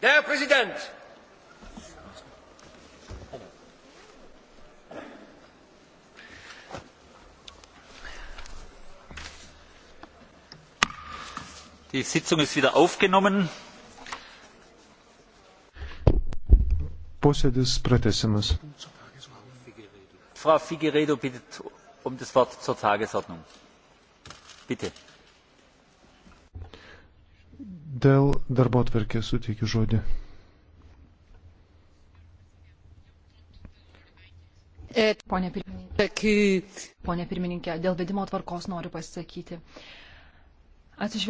Herr Präsident! Die Sitzung ist wieder aufgenommen. Posėdis pratesimas. Frau Figueredo bittet um das Wort zur Tagesordnung. Bitte. Dėl darbo atverkės suteikiu žodį. E, Pone pirmininkė, Pone pirmininkė, dėl vedimo tvarkos noriu pasisakyti. Atsižvelgiu.